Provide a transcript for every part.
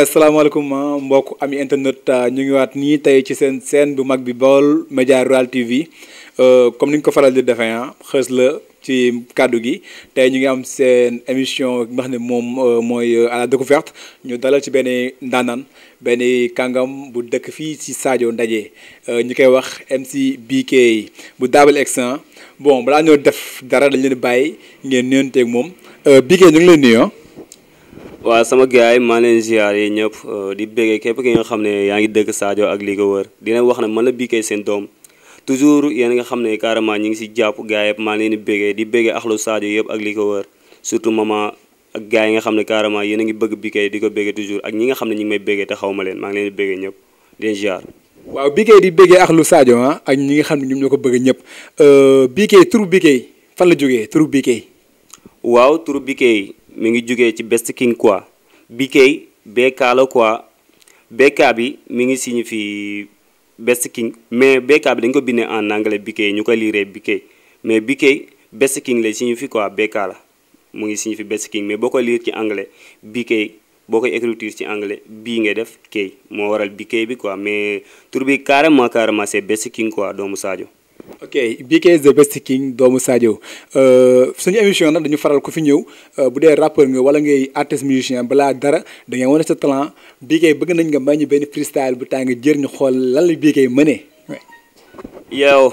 Euh, salaamaaleykum ah, mbokk ami internet ah, ñu ngi waat nii tey ci seen scène bu mag bi Baol Média Rural TV euh, comme ni nga ko faral di defee ah xës la ci kàddu gi tey ñu ngi am seen émission bi nga moom euh, mooy à la découverte ñu dalal ci benn ndaanaan benn kàngam bu dëkk fii ci Sadio Ndaje ñu koy wax MC BK bu Double Accent ah. bon balaa ñoo def dara dañ leen bàyyi ngeen nuyoonteek moom BK ñu ngi leen nuyu waaw sama gars yi maa leen ziar yi ñëpp euh, di béggee képp ki nga xam ne yaa ngi dëkk Sadio ak li ko wër dina wax ne man la Bikey seen doom toujours yéen nga xam ne carrément ñi ngi si jàpp maa leen di béggee di béggee axlu Sadio yëpp ak li ko wër surtout maman ak yi nga xam ne carrément yéen a ngi bëgg Bikey di ko béggee toujours ak ñi nga xam ne ñi ngi may béggee te xaw ma leen maa ngi leen di béggee ñëpp di leen ziar waaw Bikey di béggee axlu Sadio ah ak ñi nga xam ne ñoom ñoo ko bëgg ñëpp euh, Bikey turu Bikey fan la jógee turu Bikey waaw turu Bikey mi ngi jugee ci Best King quoi BK BK la quoi BK bi mi ngi signifie Best King mais BK bi dañ ko bindee en anglais BK ñu koy liiree BK mais bi BK Best King lay signifie quoi BK la mu ngi fi Best King mais boo ko liir ci anglais BK boo koy écriture ci anglais bii ngay def kay moo waral BK bi quoi mais tur bi carrément carrément c'est Best King quoi doomu Sadio. ok BK is the best king doomu Sadio euh, suñu émission nag dañu faral ko fi ñëw euh, bu dee rappeur nga wala ngay artiste musicien balaa dara da wane sa talent BK bëgg nañ nga may ñu benn freestyle bu tàng jër ñu xool lan la BK mënee. yow.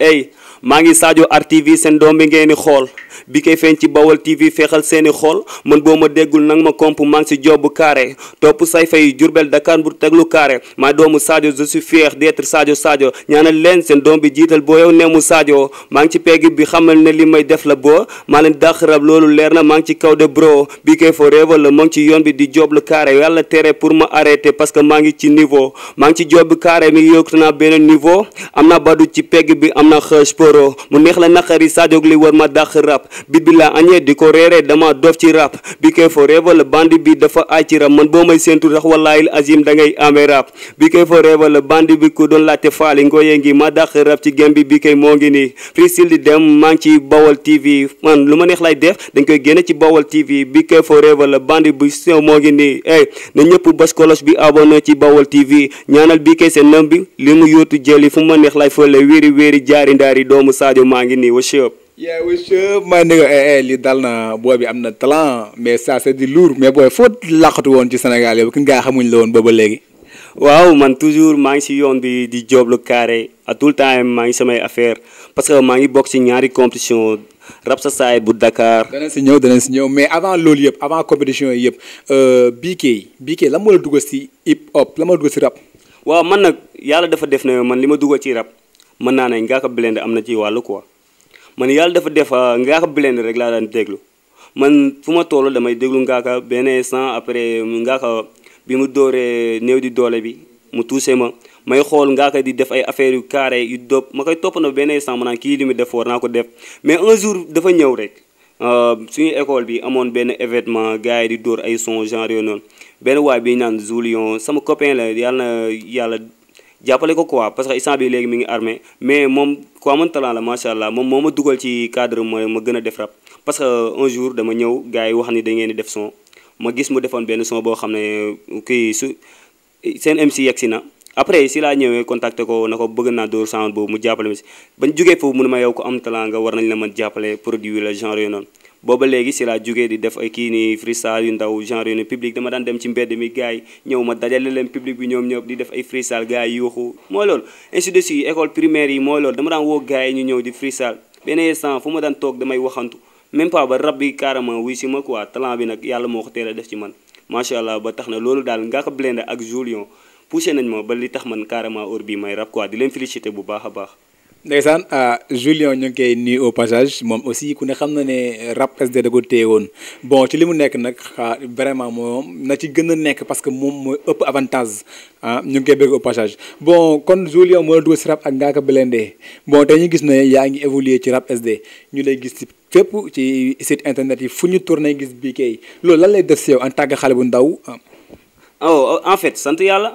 ey maa ngi Sadio RTV seen doom bi ngeen di xool bi koy feeñ ci Bawal TV feexal seeni xool man boo ma déggul nag ma komp maa ngi si jobbu carré topp say fay Jurbel Dakar Mbour teglu carré maa doomu Sadio je suis fier d'être Sadio Sadio ñaanal leen seen doom bi jiital boo yow neemu Sadio maa ngi ci pegg bi xamal ne li may def la boo maa leen dàq rab loolu leer na maa ngi ci kaw de bro bi koy forever la maa ngi ci yoon bi di joblu carré yàlla tere pour ma arrêter parce que maa ngi ci niveau maa ngi ci jobbu carré mi ngi yokk naa beneen niveau am naa badu ci pegg bi am na euh, poro mu neex la naqari Sadio li war ma dàq bi laa añee di ko reeree dama dof ci rap bi koy forever la bandi bi dafa aay ci rap man boo may séentu sax wallaayil azim da ngay amee bi koy forever la bandi bi ku doon laajte faali ngooyee ngi ma dàq rap ci gem bi bi koy moo ngi nii freestyle di dem maa ngi ci Bawol TV man lu ma neex lay def dañ koy génne ci Bawol TV bi koy forever la bandi bi sew moo ngi nii ey na ñëpp bas kolos bi abonné ci Bawol TV ñaanal bi koy seen nam bi li mu yóotu jëli fu ma neex lay ndaari ndaari doomu Sadio maa ngi nii what's up yeah what's up eh, eh, li dal na boo bi am na talent mais ça c'est du mais booy foo laqatu woon ci Sénégal yow ki nga xamuñ la woon booba léegi waaw man toujours maa ngi si yoon bi di job lu carré à tout le temps maa ngi samay affaire parce que maa ngi bokk si ñaari compétition rap sa saay bu Dakar. dana si ñëw dana si ñëw mais avant loolu yëpp avant compétition yi yëpp euh, BK BK lan moo la dugal si hip hop moo la dugal si rap. waaw man ci rap mën naa ne Ngaaka Blindé am na ci wàllu quoi man yàlla dafa def ah, Ngaaka Blindé rek laa daan déglu man fu ma toll damay déglu Ngaaka benn sans après Ngaaka bi mu dooree néew di doole bi mu touché ma may xool Ngaaka di def ay affaires yu carré yu dóob ma koy topp toppandoo benn sans ma naan kii li mu def war naa ko def mais un jour dafa ñëw rek. Ah, suñu école bi amoon benn événement gars yi di dóor ay son genre yooyu benn waay bi naan Zoulion sama copain la yàlla yàlla jàppale ko quoi parce que instant bi léegi mi ngi armé mais moom ku amoon talent la macha allah moom moo ma dugal ci cadre mooy ma gën a def rap parce que un jour dama ñëw gars yi wax ni da ngeen di def son ma gis mu defoon benn son boo xam ne kii su seen MC yegg si na après si laa ñëwee contacté ko na ko bëgg naa dóor sound boobu mu jàppale ma si bañ jógee foofu mu ne ma yow ko am talent nga war nañ la man jàppale produit la genre yooyu noonu booba léegi si laa jógee di def ay kii nii freestyle yu ndaw genre yu ne public dama daan dem ci mbedd mi gars yi ñëw ma dajale leen public bi ñoom ñëpp di def ay freestyle gars yi yuuxu mooy loolu ainsi de suite école primaire yi mooy loolu dama daan woo gars yi ñu ñëw di freestyle benn instant fu ma daan toog damay waxantu même pas ba rab bi carrément wuy si ma quoi talent bi nag yàlla moo ko teel a def ci man macha allah ba tax na loolu daal nga ko blende ak Julion ba li tax man carrément heure bi may rab quoi di leen félicité bu baax a baax ndeysaan ah, Julien ñu ngi koy nuyu au passage moom aussi ku ne xam na ne rap SD da ko woon bon ci li mu nekk nag vraiment moom na ci gën a nekk parce que moom mooy ëpp avantage ah ñu ngi koy bëgg au passage bon kon Julien moo la dugal si rap ak Ngaaka Blindé bon tey gis ne yaa ngi évoluer ci rap SD ñu lay gis ci fépp ci site internet yi fu ñu tourné gis bii kay loolu lan lay def si yow en tant xale bu ndaw. Ah? oh en fait sant yàlla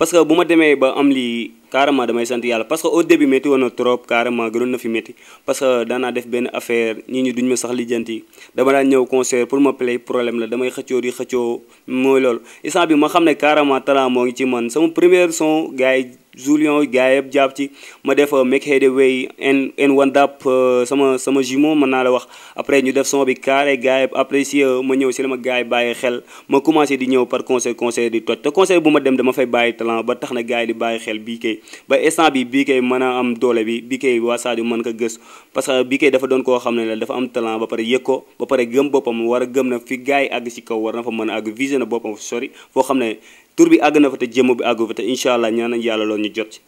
parce bu ma demee ba am lii. carrément damay sant yàlla parce que au début métti woon na trop carrément gënoon na fi métti parce que daanaa def benn affaire ñi ñu duñ ma sax lijjanti dama daan ñëw concert pour ma play problème la damay xëccoo di xëccoo mooy loolu instant bi ma xam ne carrément talent moo ngi ci man sama première son gars yi Julion gars jàpp ci ma def euh, Make Headway en en one dap euh, sama sama jumeau mën naa la wax après ñu def son bi carré gars yëpp apprécié euh, ma ñëw si la ma yi bàyyi xel ma commencé di ñëw par concert concert di toj bu ma dem dama fay bàyyi talent ba tax na gars yi di bàyyi xel bii kay ba instant bi bii kay mën a am doole bi bii kay waa Sadio mën ko gës parce que bii kay dafa doon koo xam ne la dafa am talan ba pare yëg ko ba pare gëm boppam war a gëm na fi gars yi àgg si kaw war na fa mën a àgg vision na boppam sori foo xam ne tur bi àgg na fa te jëmm bi àggu fa te incha allah ñaan nañ yàlla loolu ñu jot ci.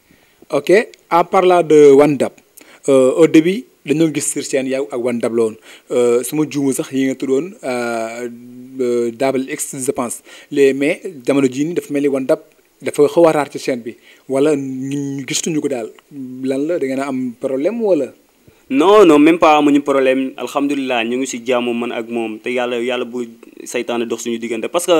ok en parlant de Wandab euh, au début dañoo gis sur scène yow ak Wandab la woon euh, su ma juumu sax yi nga tuddoon euh, Double X je pense les mais jamono jii nii dafa mel ni Wandab dafa xaw a raar ci scène bi wala ñu gistuñu ko daal lan la da ngeen a am problème wala. non non même pas ñu problème alhamdulilah ñu ngi si jàmm man ak moom te yàlla yàlla bu seytaane dox suñu diggante parce que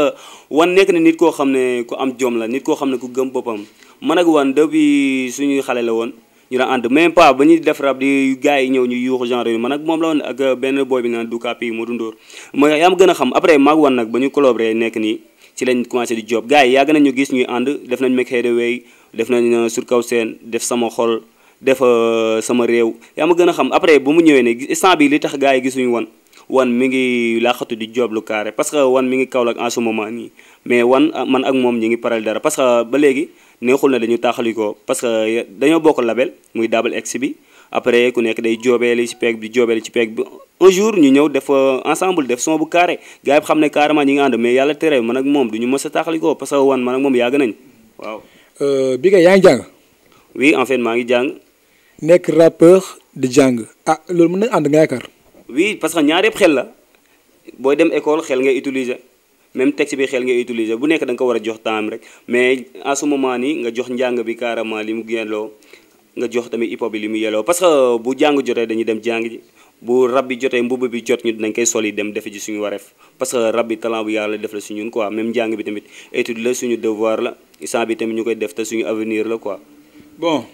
wan nekk na nit koo xam ne ku am jom la nit koo xam ne ku gëm boppam man ak wan depuis suñuy xale la woon. ñu daan ànd même pas ba ñuy def rab di gars yi ñëw ñu yuuxu genre yu man ak moom la woon ak benn boy bi naan du kàpp yi mu dundoor ma yaa ma gën a xam après maag wan nag ba ñu collaboré nekk nii. ci lañ commencé di job gars yi yàgg nañ ñu gis ñuy ànd def nañ Make Headway def nañ euh, surkaw seen def sama xol def euh, sama réew yaa ma gën a xam après bu mu ñëwee ne instant bi li tax gars yi gisuñu woon wan mi ngi laaxatu di job lu carré parce que wan mi ngi Kaolack en ce moment nii mais wan ah, man ak moom ñi ngi paral dara parce que ba léegi neexul na dañu taaxali ko parce que euh, dañoo bokk label muy double X bi après ku nekk day joobeeli ci peeg bi joobeeli ci peeg bi un jour ñu ñëw def euh, ensemble def son bu carré gars yi xam ne carrément ñi ngi ànd mais yàlla tere man ak moom du ñu mës a taaxalikoo parce que wan man ak moom yàgg nañ waaw. Euh, bi nga yaa ngi jàng. wii en fait maa ngi jàng. nekk rappeur di jàng ah loolu mën nañ ànd nga yaakaar. oui parce que ñaar yëpp xel la booy dem école xel ngay utiliser. même texte bi xel nga utiliser bu nekk danga ko war a jox temps rek mais à ce moment nii nga jox njàng bi carrément li mu génnloo nga jox tamit hip hop bi li mu yelloo parce que euh, bu jàng jotee dañu dem jàng bu rab bi jotee mbubb bi jot ñu dinañ koy sol yi dem defe ji suñu wareef parce que rab bi talent bu yàlla def la si ñun quoi même jàng bi tamit étude la suñu devoir la instant bi tamit ñu koy def te suñu avenir la quoi. bon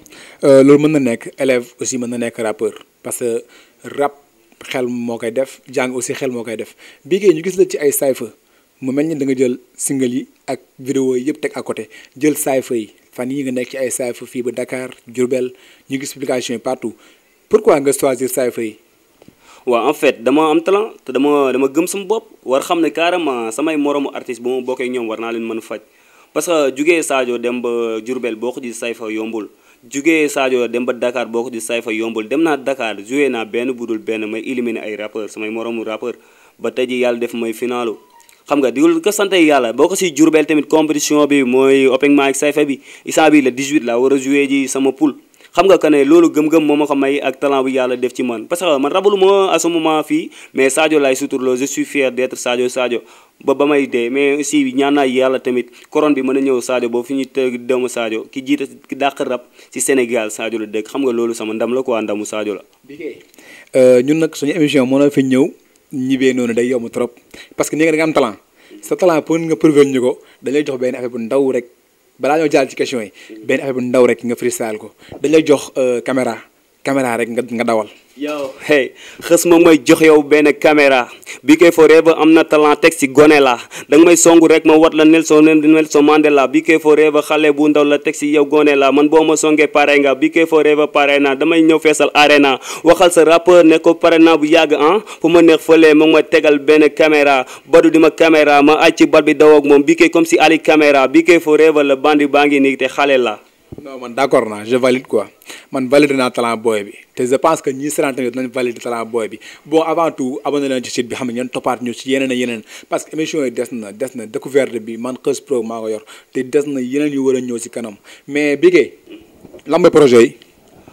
euh, loolu mën na nekk élève aussi mën na nekk rappeur parce que rap xel moo koy def jàng aussi xel moo koy def bii kay ñu gis la ci ay cypher mu mel ni da nga jël single yi ak vidéo yi yëpp teg à côté jël cypher yi. fan yi nga nekk ci ay saafara fii ba dakaar Diourbel ñu gis publication yi partout pourquoi nga choisir saafara yi. waaw en fait dama am talent te dama dama gëm sama bopp war xam ne carrément samay moromu artiste bu ma bokkee ñoom war naa leen man a faj parce que jugee Sadio dem ba Diourbel boo ko ji saafara yombul. jugee Sadio dem ba dakaar boo ko di say fa yombul dem naa Dakar joué naa benn budul benn may éliminer ay rappeur samay moroomu rappeur ba tey ji yàlla def may finalu xam nga di ko sant yàlla boo ko si Diourbel tamit compétition bi mooy open mic sayfa bi instant bi le 18 la war a joué ji sama poule xam nga que ne loolu gëm-gëm moo ma ko may ak talent bu yàlla def ci man parce que man rabalu ma à ce fii mais Sadio laay suturloo je suis fier d'être Sadio Sadio ba ba may dee mais aussi ñaan yàlla tamit couronne bi mën a ñëw saajo boo fi ñu tëgg doomu Sadio ki jiite ki dàq rab ci Sénégal Sadio la dëkk xam nga loolu sama ndam la quoi ndamu Sadio la. Euh, ñun nag suñu émission moo la fi ñibee noonu day yomb trop parce que ni nga da nga am talent sa talent pour nga prouver ñu ko dañ lay jox benn affaire bu ndaw rek balaa ñoo jàll ci question yi benn affaire bu ndaw rek nga freestyle ko dañ jox euh, caméra caméra rek nga nga dawal. yow hey xës ma may jox yow benn caméra BK Forever am na talent teg si gone la danga may songu rek ma wat la Nelson Nelson Mandela BK Forever xale bu ndaw la teg si yow gone la man boo ma songee pare nga bi BK Forever pare na damay ñëw feesal arena waxal sa rappeur ne ko pare naa bu yàgg ah fu ma neex fële ma ma tegal benn caméra badu di ma camera ma aj ci bat bi daw ak moom BK comme si Ali caméra BK Forever la bandi baa ngi nii te xale la. non man d'accord naa je valide quoi man valide naa talent booy bi te je pense que ñi seetaan tamit dinañ valide talent booy bi bon avant tout abonné leen ci site bi xam ne ngeen toppaat ñu ci yeneen a yeneen parce que émission yi des na des na découverte bi man Kheus Pro maa ko yor te des na yeneen yu war a ñëw ci kanam mais Bigué lan mooy projet yi.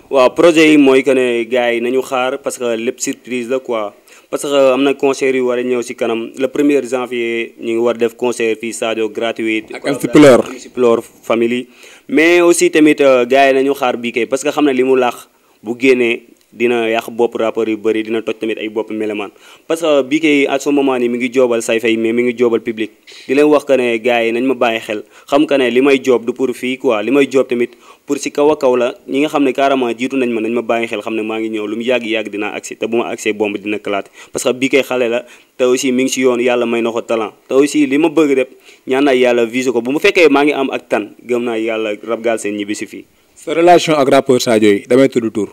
waaw projet yi mooy que ne gars yi nañu xaar parce que lépp surprise la quoi. parce que euh, am na concert yu war a ñëw si kanam le premier janvier ñu ngi war def concert fii Sadio gratuit. ak Amfiplor Amfiplor family mais aussi tamit euh, gars yi nañu xaar BK parce que xam ne li mu laax bu génnee. dina yàq bopp rappeurs yu bëri dina toj tamit ay bopp mélomaan parce que bii kay à ce moment nii mi ngi joobal say fay mais mi ngi joobal public di leen wax que ne gars yi nañ ma bàyyi xel xam que ne li may joob du pour fii quoi li may joob tamit pour si kaw a kaw la ñi nga xam ne carrément jiitu nañ ma nañ ma bàyyi xel xam ne maa ngi ñëw lu mu yàgg-yàgg dinaa agsi te bu ma agsee bomb dina kalaate parce que bii kay xale la te aussi mi ngi si yoon yàlla may na ko talent te aussi li ma bëgg rek ñaan naa yàlla ko bu mu fekkee maa ngi am ak tan gëm naa yàlla Rap Galsen ñibbi si fii relation ak rappeur Sadio yi damay tudd tur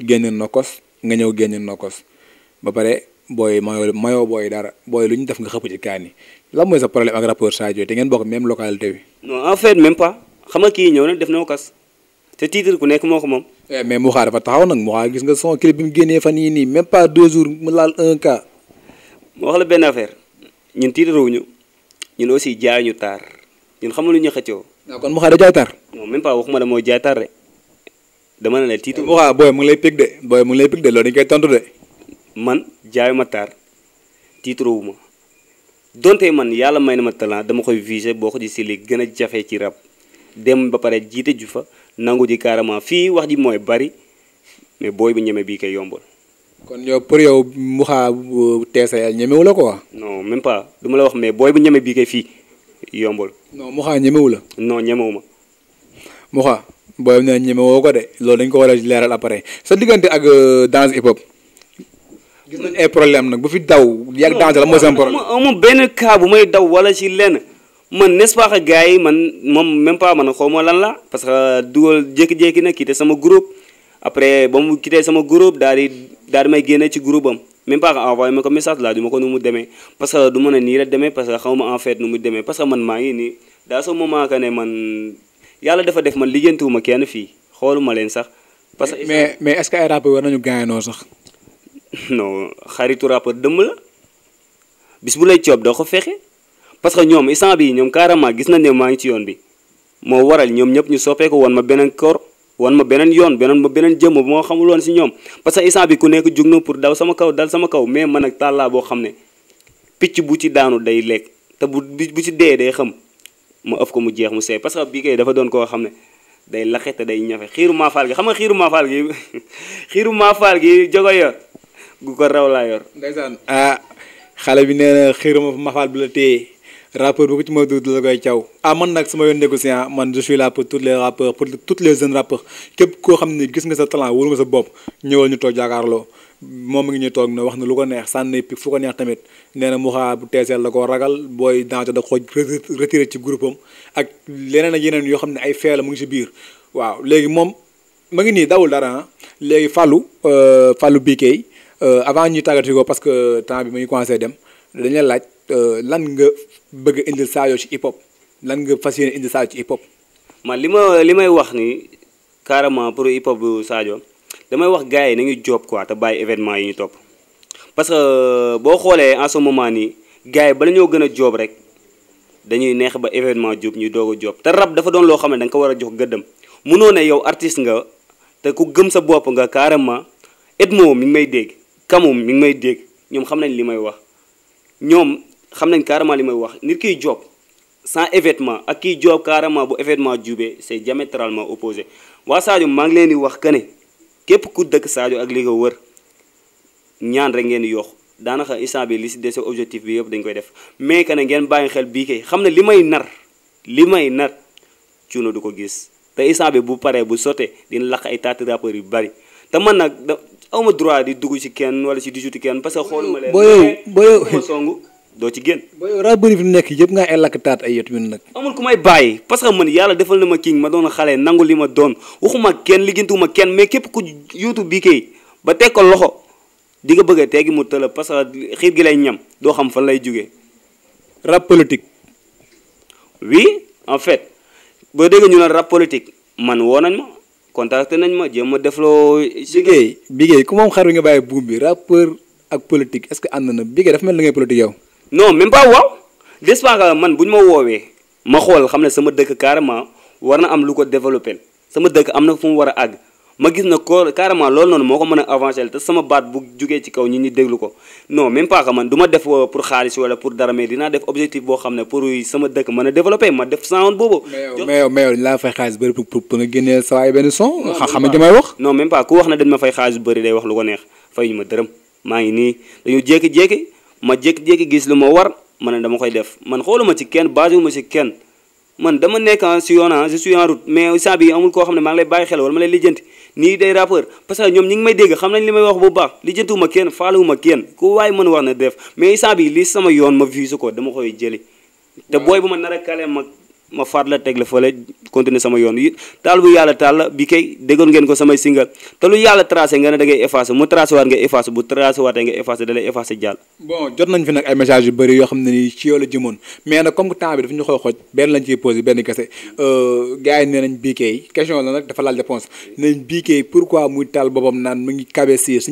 génn nokkos nga ñëw génn nokkos ba pare booy mayoo mayoo booy dara booy lu ñu def nga xëpp ci kaan yi lan mooy sa problème ak rapport Sadio te ngeen bokk même localité bi. non en fait même pas xam kii ñëw na def na nokkos te titre ku nekk moo ko moom. Eh, mais Moussa dafa taxaw nag Moussa gis nga son clip bi mu génnee fan yii nii même pas deux jours mu laal un cas. wax la benn affaire ñun titre wuñu ñun aussi jaayuñu taar ñun xamuñu ñu xëccoo. Ah, kon Moussa da jaay taar. non même pas waxuma da moo jaay taar rek. dama ne la tiitu. waaw booy mu ngi lay pig de booy mu ngi lay pig de loolu dañ koy tontu de. man jaayu ma taar tiituroowu ma donte man yàlla may na ma talent dama koy viser boo ko ci si li gën a jafe ci rab dem ba pare jiite ju fa nangu ji carrément fii wax ji mooy bari mais booy bi ñemee bii koy yombal. kon yow pour yow Moussa TCL ñemewu la ko non même pas du la wax mais booy bu ñeme bii koy fii yombal. non ñemewu la. non ñemewu ma booy bi nee ñeme woo ko de loolu dañ ko war a leeral après sa diggante ak euh, danse hip hop. gis nañ ay problème nag bu fi daw. yàgg danse la moo seen problème benn cas bu may daw wala ci lenn man n'est-ce yi man moom même pas man xaw ma lan la parce que dugal jékki-jékki na quitté sama groupe. après ba sama groupe daal daal di may génne ci groupe am même pas que envoyé ma ko mu demee parce que du mën a nii la demee parce que xaw ma en fait nu mu demee parce que man maa ngi nii daa sa moment que ne man. yàlla dafa def man liggéeyantuwuma kenn fii xooluma leen sax. parce que mais mais est-ce que ay rappeurs war nañu gaañoo sax. non xaritu rappeur dëmm la bis bu lay coob doo ko fexe parce que ñoom instant bii ñoom carrément gis nañ ne maa ngi ci yoon bi moo waral ñoom ñëpp ñu soppeeku wan ma beneen koor wan ma beneen yoon beneen ma beneen jëmm moo xamuloon xamul woon ñoom parce que instant bi ku nekk jug na pour daw sama kaw dal sama kaw mais man ak tàllaa boo xam ne picc bu ci daanu day lekk ma ëf ko mu jeex mu seey parce que bii kay dafa doon koo xam ne day laxe te day ñafe xiiru maafaal gi xam nga xiiru maafaal gi xiiru maafaal gi jogo yor gu ko raw laa yor. ndeysaan ah xale bi nee na xiiru maafaal bi la téye rappeur bu ko ci ma dugg la koy caw. ah man nag sama yoon nekku si ah man je suis là pour tous les rappeurs pour tous les jeunes rappeurs képp koo xam ne gis nga sa talent wóor sa bopp ñëwal ñu toog jàkkaarloo. moom mi ngi ñu toog na wax na lu ko neex sànni pic fu ko neex tamit nee na Mouha bu teeseel la ko ragal booy Danco da ko retiré ci groupe am ak leneen ak yeneen yoo xam ne ay fee la mu ngi si biir waaw léegi moom mu ngi nii dawul dara léegi falu Fallou euh, Bikey euh, avant ñuy tàggati ko parce que temps bi ma ñu commencé dem dañu la laaj euh, lan nga bëgg a indil saa yoo ci hip hop lan nga fas yéene indil saa ci hip hop. man li ma li may wax ni carrément pour hip hop Sadio. damay wax gars yi nañu job quoi te bàyyi événement yi ñu topp parce que euh, boo xoolee en ce moment nii gars yi bala ñoo gën a joob rek dañuy neex ba événement jub ñu doog a joob te rab dafa doon loo xam ne da ko war a jox gëddam mënoo ne yow artiste nga te ku gëm sa bopp nga carrément Edmo mi ngi may dégg Kamou mi may dégg ñoom xam nañ li may wax ñoom xam nañ carrément li may wax nit kiy job sans événement ak kiy job carrément bu événement jubee c'est diamétralement opposé waa Sadio maa ngi leen di wax que képp ku dëkk Sadio ak li ko wër ñaan rek ngeen di yokku daanaka instant bi li si dese objectif bi yëpp dañ koy def mais que ne ngeen bàyyi xel bii kay xam ne li may nar li may nar cuuna du ko gis te instant bu paree bu sottee dina lakk ay taati rappeurs yu bari te man nag da awma droit di dugg ci kenn wala ci di juti kenn parce que xooluma leen. booyoo booyoo doo ci génn. booy yow daa bëri nekk yëpp ngaa ay lakk taat ay yet ñun nag. amul ku may bàyyi parce que man yàlla defal na ma kii ma doon xale nangu li ma doon waxuma kenn liggéeyantuma kenn mais képp ku yóotu bii kay ba teg ko loxo di nga bëgg a teggi mu tëla parce que xiir gi lay ñam doo xam fan lay jógee. rap politique. en fait boo déggee ñu ne rap politique man woo nañ ma contacté nañ ma jéem a defloo. liggéey liggéey ku moom xar wi nga bàyyi buum bi rappeur ak politique est-ce que ànd na liggéey dafa mel na ngay politique yow. non même pas waaw des fois man bu ñu ma woowee ma xool xam ne sama dëkk carrément war na am lu ko développé sama dëkk am na fu mu war a àgg ma gis na ko carrément loolu noonu moo ko mën a avancé te sama baat bu jugee ci kaw ñi ñi déglu ko non même pas man du ma def euh, pour xaalis wala pour dara mais dinaa def objectif boo xam ne pour sama dëkk mën a développé ma def sound boobu. mais yow mais yow laa fay xaalis bëri pour pour nga génneel sa waay benn xam nga may wax. non même pas ku wax na dañ ma fay xaalis bëri day wax lu ko neex fay fayuñu ma dërëm maa ngi nii dañoo jékki-jékki ma jékki-jékki gis lu ma war ma ne dama koy def man xooluma ci kenn basé wu ma ci kenn man dama nekk si yoon je suis en route mais saa amul koo xam ne maa ngi lay bàyyi xel wala ma lay lijjanti nii day rappeur parce ñoom ñi ngi may dégg xam nañ li may wax bu baax lijjantiwuma kenn faaluwuma kenn ku waaye mën war na def mais saa bi li sama yoon ma visé ko dama koy jëli te booy bu ma nar a kale ma faat la teg la fële continuer sama yoon yi taal bu yàlla taal la bi kay déggoon ngeen ko samay singal te lu yàlla tracé nga ne da ngay effacé mu tracé waat nga effacé bu tracé waatee nga effacé da lay effacé jàll bon jot nañ fi nag ay message yu bëri yoo xam ne ni ci yow la jëmoon mais nag comme que temps bi dafa ñu xooj benn lañ ciy posé benn kese euh, gars yi nee nañ bii kay question la nag dafa laal réponse nañ bii kay pourquoi muy taal boppam naan mu ñu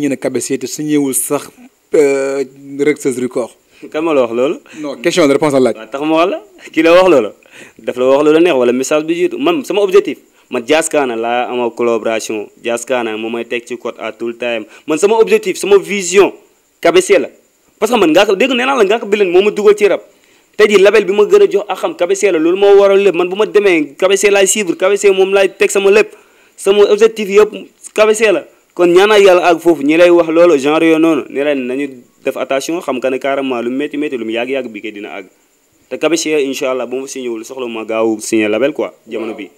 ne cabessier te su ñëwul sax rek sas ma la wax loolu non question la réponse la laaj tax wax la la daf la wax lu la neex wala message bi jiitu man sama objectif man Jazz Kana laa amal collaboration Jazz Kana moom may teg ci code à tout time man sama objectif sama vision Kabese la parce que man ngaa ko dégg nee naa la ngaa ko bilen moo ma dugal ci rab tey jii label bi ma gën a jox ak xam Kabese la loolu moo waral lépp man bu ma demee Kabese laay suivre Kabese moom laay teg sama lépp sama objectif yëpp Kabese la kon ñaanaa yàlla ak foofu ñii lay wax loolu genre yoo noonu ne leen nañu def attention ka nga lu métti métti lu yàgg-yàgg bi kay àgg te Kabechia incha allah bu ma wu ñëwul soxla ma gaaw signé label quoi jamono bi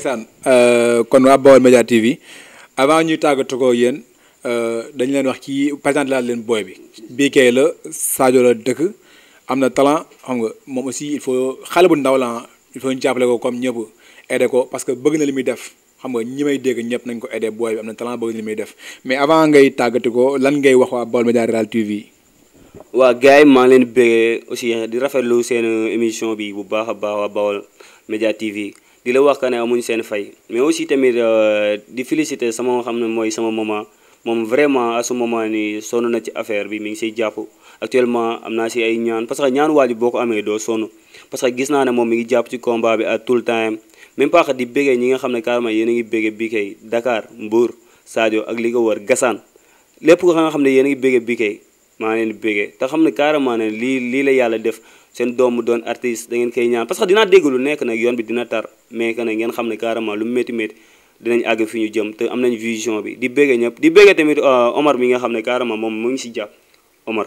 saan euh, kon waa Baol Média TV avant ñuy tàggatu ko yéen euh, dañu leen wax ci présenté laa leen booy bi bii BK la Sadio la dëkk am na talent xam nga moom aussi il faut xale bu ndaw la il faut ñu jàppale ko comme ñëpp aidé ko parce que bëgg na li muy def xam nga ñi may dégg ñëpp nañ ko aidé booy bi am na talent bëgg na li muy def mais avant ngay tàggatu ko lan ngay wax waa Baol Média Rural TV waa gars yi maa ngi leen bégee aussi di rafetlu seen émission bi bu baax a baax a Baol Média TV di la wax que ne amuñ seen fay mais aussi tamit euh, di féliciter sama xam ne mooy sama maman moom vraiment à ce moment ni sonn na ci affaire bi mu ngi siy jàpp actuellement am naa si ay ñaan parce que ñaan waajur boo ko amee doo sonn parce que gis naa ne moom mi ngi jàpp ci combat bi à tout le temps même pas que di bégee ñi nga xam ne carrément yéen a ngi bégee Bikey Dakar Mbour Sadio ak li ko wër Gassane lépp nga xam ne yéen a ngi bégee Bikey maa leen bégee te xam ne carrément ne lii lii la yàlla def seen doomu doon artiste da koy ñaan parce dinaa dégg lu nekk nag yoon bi dina tar mais ne ngeen xam ne carrément lu métti métti dinañ àgg fi ñu jëm te am nañ vision bi di bégee ñëpp di bégee tamit euh, Omar mi nga xam ne carrément moom mu ngi si jàpp Omar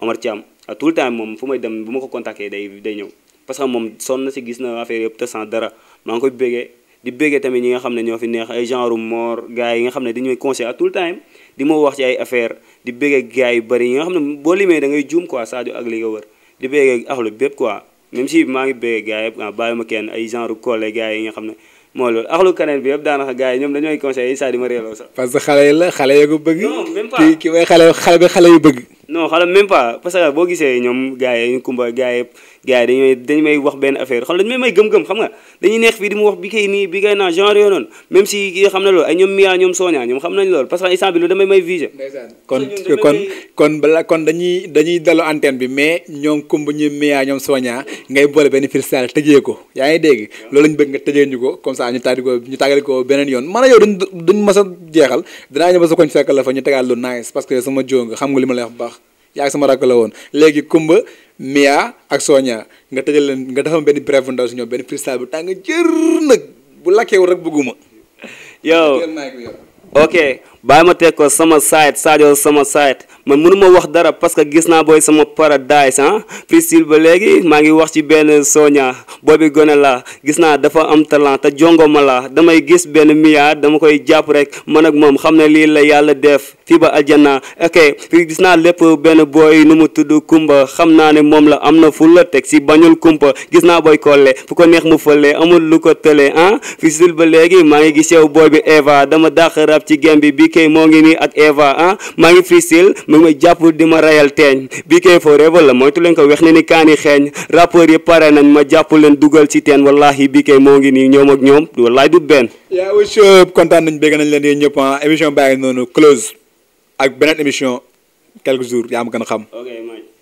Omar Thiam à tout le moom fu may dem bu ma ko contacter day day ñëw parce moom sonn si gis na affaire yëpp te sans dara maa nga xam di ma wax ci ay affaire di bëgg gars yu bëri yi nga xam ne boo limee da ngay juum quoi Sadio ak li nga wër di bëgg axlu bépp quoi même si maa ngi bëgg gars yëpp ah ay genre collègue gars xam ne moo loolu axlu kaneen bi yëpp daanaka gars yi ñoom dañooy conseillé yi saa di ma réeloo sax parce que xale yi la xale yoo ko bëgg non xale xale pas parce que boo gisee ñoom gars yi ñu kumba gars yëpp gars yi dañu may dañu may wax benn affaire xam dañu may may nga dañuy neex fii di mu wax bi kay nii bi kay naa genre yoo noonu yoo xam ne loolu parce que instant bi loolu mais ñoom Kumba ñoom Mia ñoom Sonia ngay boole benn freestyle tëjee ko yaa ngi dégg loolu lañ bëgg nga tëjee ñu ko comme ça ñu tàggali ñu tàggali ko beneen yoon man a yow duñ duñ mas a jeexal dinaa ñëw ba sa koñ fekk la fa ñu tegaat lu nice parce que sama jóo nga xam nga li ma lay wax baax yaa ak sama rakk la woon léegi Kumba Mia ak Sonia nga tëjal leen nga defam benn brève ndaw si ñoom benn freestyle bu tàng jër nag bu lakkee wu rek bëgguma yow ok bàyyi ma teg ko sama site Sadio sama site man mënuma wax dara parce que gis naa booy sama paradise ah freestyle ba léegi maa ngi wax ci benn soña bi gone la gis naa dafa am talent te jongoma la damay gis benn milliard dama koy jàpp rek man ak moom xam ne lii la yàlla def fii ba aljanna ok fii gis naa lépp benn booy nu mu tudd kumba xam naa ne moom la am na ful la teg si bañul kumpa gis naa booy kolle fu ko neex mu fële amul lu ko tële ah freestyle ba léegi maa ngi gis yow booy bi Eva dama dàq rab ci game BK moo ngi nii ak Eva ah maa ngi freestyle mu ngi may jàpp di ma rayal teeñ BK forever la moytu leen ko wex ne ni kaani xeeñ rappeur yi pare nañ ma jàpp leen dugal ci teen wallahi BK moo ngi nii ñoom ak ñoom wallahi du benn yaa wis kontaan nañ bégg nañ leen yéen ñëpp ah. émission bàyyi noonu close ak beneen émission quelques jour yaa ma gën a xam